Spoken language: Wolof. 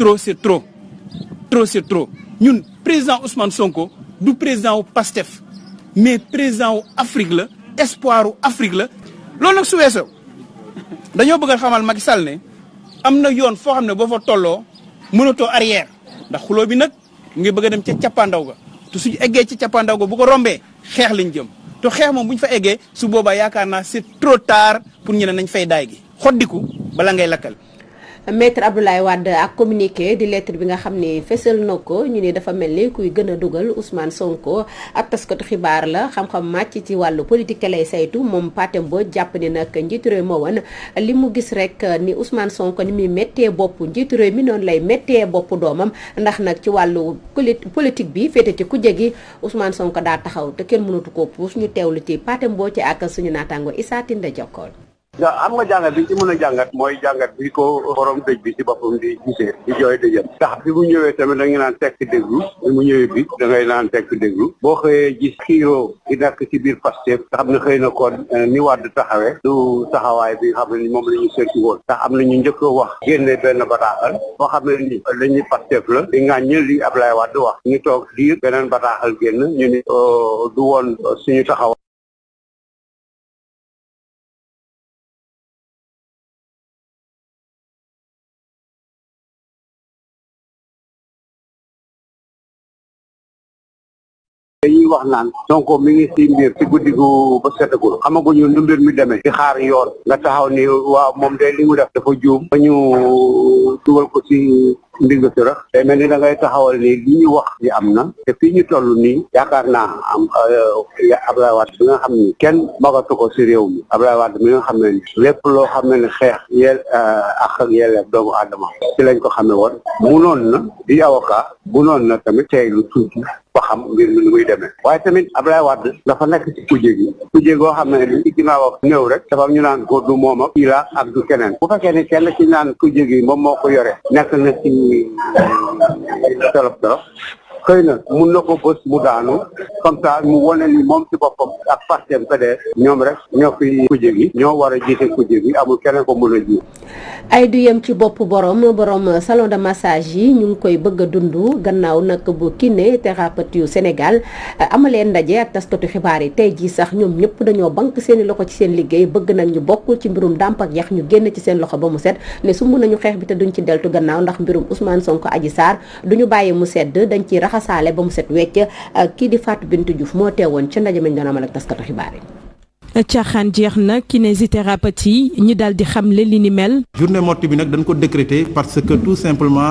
trop c'est trop trop c'est trop ñun président Ousmane Sonko du président wu PASTEF mais président wu Afrique la espoir wu Afrique la. loolu nag su weesoo dañoo bëgg a xamal Macky Sall am na yoon foo xam ne boo fa tolloo mënatoo arrière ndax xuloo bi nag ngi bëgg a dem ca cappaandaw ga te suñu eggee ci cappaandaw ga bu ko rombee xeex lañ jëm. te xeex moom bu fa eggee su boobaa yaakaar naa c'est trop tard pour ñu ne nañ fay daay gi xoddiku bala ngay lakkal. maître Abdoulaye Wade ak communiqué di lettre bi nga xam ne fésal na ko ñu ne dafa mel ni kuy gën a dugal Ousmane Sonko ab taskatu xibaar la xam-xam màcc ci wàllu politique te lay saytu moom Pathé Mbodj jàpp ne nag njiitu réew ma woon li mu gis rek ni Ousmane Sonko ni muy méttee bopp njiitu réew mi lay méttee bopp doomam ndax nag ci wàllu politique bi féete ci kujje gi sonk daa taxaw te kenn mënatu ko puus ñu teewlu ci Pathé Mbodj ci ak suñu naataango Issa Tinde Jokkool am nga jàngat bi ci mën a jàngat mooy jàngat bi ko borom dëj bi ci boppam di gisee di jooy dëjëm ndax bi mu ñëwee tamit da naan tekk déglu mu ñëwee bi da naan tekk déglu boo xëyee gis xiiroo di nekk ci biir Pastef nga xam ne xëy na kon eh, ni Wàdd taxawee du taxawaay bi nga xam ne moom la ñu seeti woon ndax am na ñu njëkk wax génne benn bataaxal boo xam ne ni la ñuy Pastef la di ŋàññ li Ablaye Wàdd wax ñu toog diir beneen bataaxal génn ñu ni oh, du woon suñu taxawaay dañuy wax naan Sonko mi ngi si mbir si guddi gu ba setagul xamaguñu nu mbir mi demee di xaar yoon nga taxaw ni waaw moom day li mu def dafa juum ba ñu dugal ko si ndigg su rax day mel ni da taxawal nii li ñu wax ni am na te fii ñu toll nii yaakaar naa am euh, Abdoulaye Wade bi nga xam ni kenn magatu ko si réew mi Abdoulaye Wade mi nga xam ne ni lépp loo xam ne ni xeex yel euh, ak doomu aadama ci lañ ko xamee woon mu munoon na di avocat munoon na tamit teeylu tuuti ba xam mbir mi nu muy demee waaye tamit Abdoulaye Wade dafa nekk ci kujje gi kujje goo xam ne ni ci ginnaaw ak néew rek dafa ñu naan ko du moom ak kii ak du keneen bu fekkee ni kenn ci naan kujje gi moom moo ko yore nekk tolof tolof xëy na mun na ko bës mu daanu comme ça mu wane ni moom ci boppam ak parteem PDS ñoom rek ñoo fi kuje gi ñoo war a jiite kuje gi amul keneen ko mën a jiite ay du yem ci bopp borom borom salon de massage yi ñu ngi koy bëgg a dund gannaaw nag bu kiné thérapeute yu Sénégal eh, amalee ndaje ak taskatu xibaar yi tey jii sax ñoom ñëpp dañoo bank seeni loxo ci seen liggéey bëgg nag ñu bokkul ci mbirum dàmp ak yax ñu génn ci seen loxo ba mu set ne sumb nañu xeex bi te duñ ci deltu gannaaw ndax mbirum Ousmane Sonko Adji Sarr duñu bàyyi mu sedd dañ ciy raxasaale ba mu set wecc eh, kii di Fatou Bintou Diouf moo teewoon ca ndaje mañ doon amal ak taskatu xibaar yi caaxaan jeex na kinésithérapeute yi ñu daal di xamle li ni mel. journée morte bi nag dañ ko décréter parce que tout simplement.